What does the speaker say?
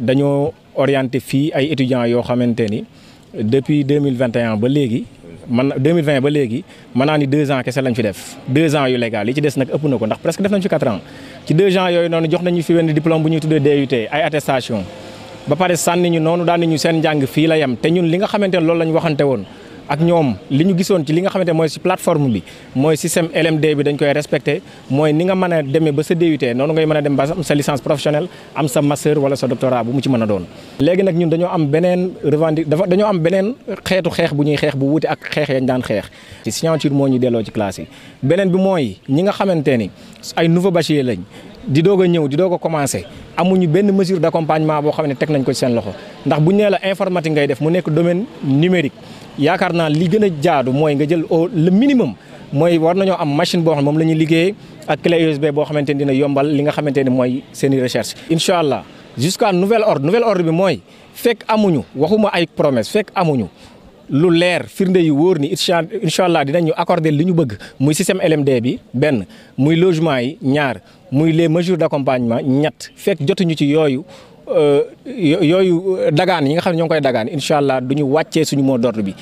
dañoo orienté fii ay étudiants yoo xamante ni depuis deux mille ba léegi. man 2020 léegi mën naa ni deux ans kese lañ fi def deux ans yu légal yi ci des nag ëpp na ko ndax presque def nañ fi quatre ans ci deux ans yooyu noonu jox nañu fi wenn diplôme bu ñuy tuddee DUT ay attestation ba pare sànni ñu noonu daan nañu seen njàng fii la yem te ñun li nga xamante ne loolu la ñu waxante woon ak ñoom li ñu gisoon ci li nga xamante mooy si plateforme bi mooy système LMD bi dañ koy respecté mooy ni nga mën a demee ba sa DUT noonu ngay mën a dem ba sa licence professionnelle am sa master wala sa doctorat bu mu ci mën a doon. léegi nag ñun dañoo am beneen revendique dafa dañoo am beneen xeetu xeex bu ñuy xeex bu wuti ak xeex yañ daan xeex. ci signature moo ñu delloo ci classe yi beneen bi mooy ñi nga xamante ni ay nouveau bachelier lañ di doog a ñëw di doog a commencé. amuñu benn mesure d' boo xam ne teg nañ ko ci seen loxo ndax bu ñu nee la informatique ngay def mu nekk domaine numérique yaakaar naa li gën a jaadu mooy nga jël au le minimum mooy war nañoo am machine boo xam ne moom la ñuy liggéey ak clé USB boo xamante ni dina yombal li nga xamante ni mooy seeni i recherche incha allah jusqu'à nouvel ordre nouvel ordre bi mooy fekk amuñu waxuma ay promesse fekk amuñu lu leer firnde yi wóor ni incha incha allah dinañ ñu accorder ñu bëgg muy système LMD bi benn muy logement yi ñaar muy les mesures d'accompagnement ñett fekk jotuñu ci yooyu euh, yooyu dagaan yi nga xam ne ñoo koy dagaan incha allah du ñu wàccee suñu mot d'ordre bi.